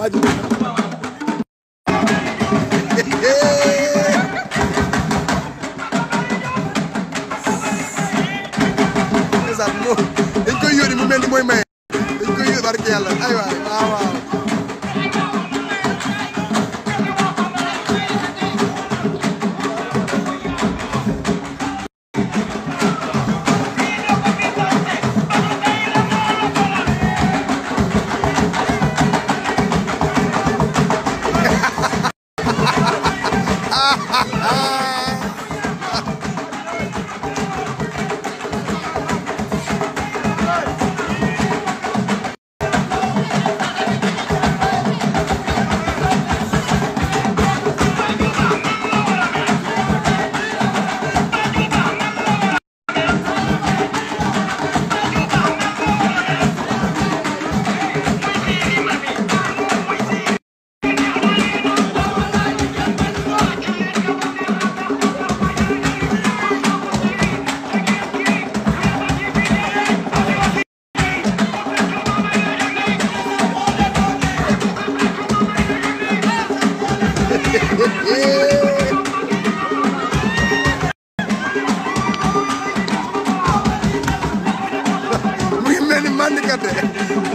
wájú. ndeysaan no dañ koy yónni mu mel ni mooy maye eu koy yónni barke yàlla ay waay waaw waaw Ah.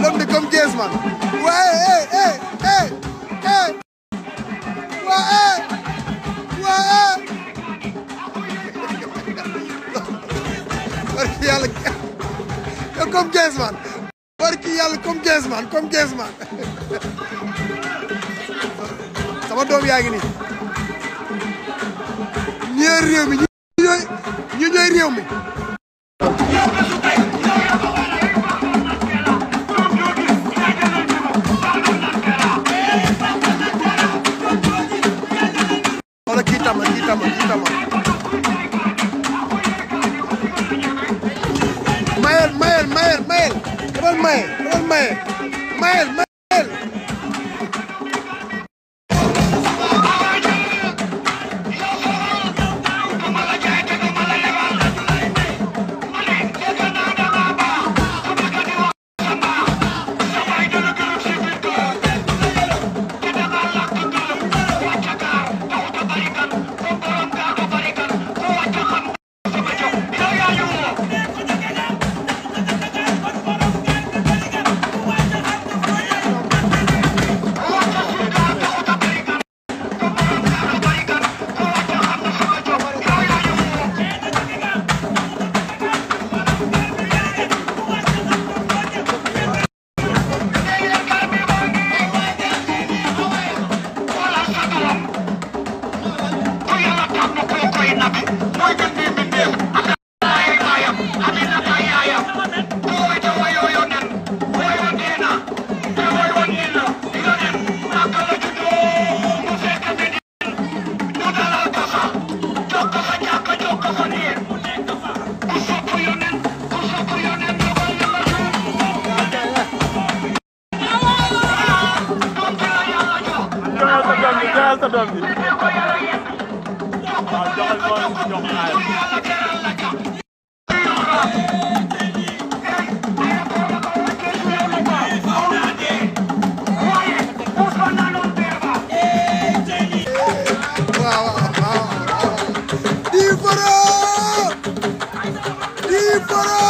l'homme de comme Griezmann ouais hey hey hey hey ouais ouais yàlla comme Griezmann barki yàlla comme Griezmann comme Griezmann sama yaa ngi nii ñooy réew mayel mayel mayel mayel mayel mayel teral sa doom bi waaw joxal loolu jox xaalis Para!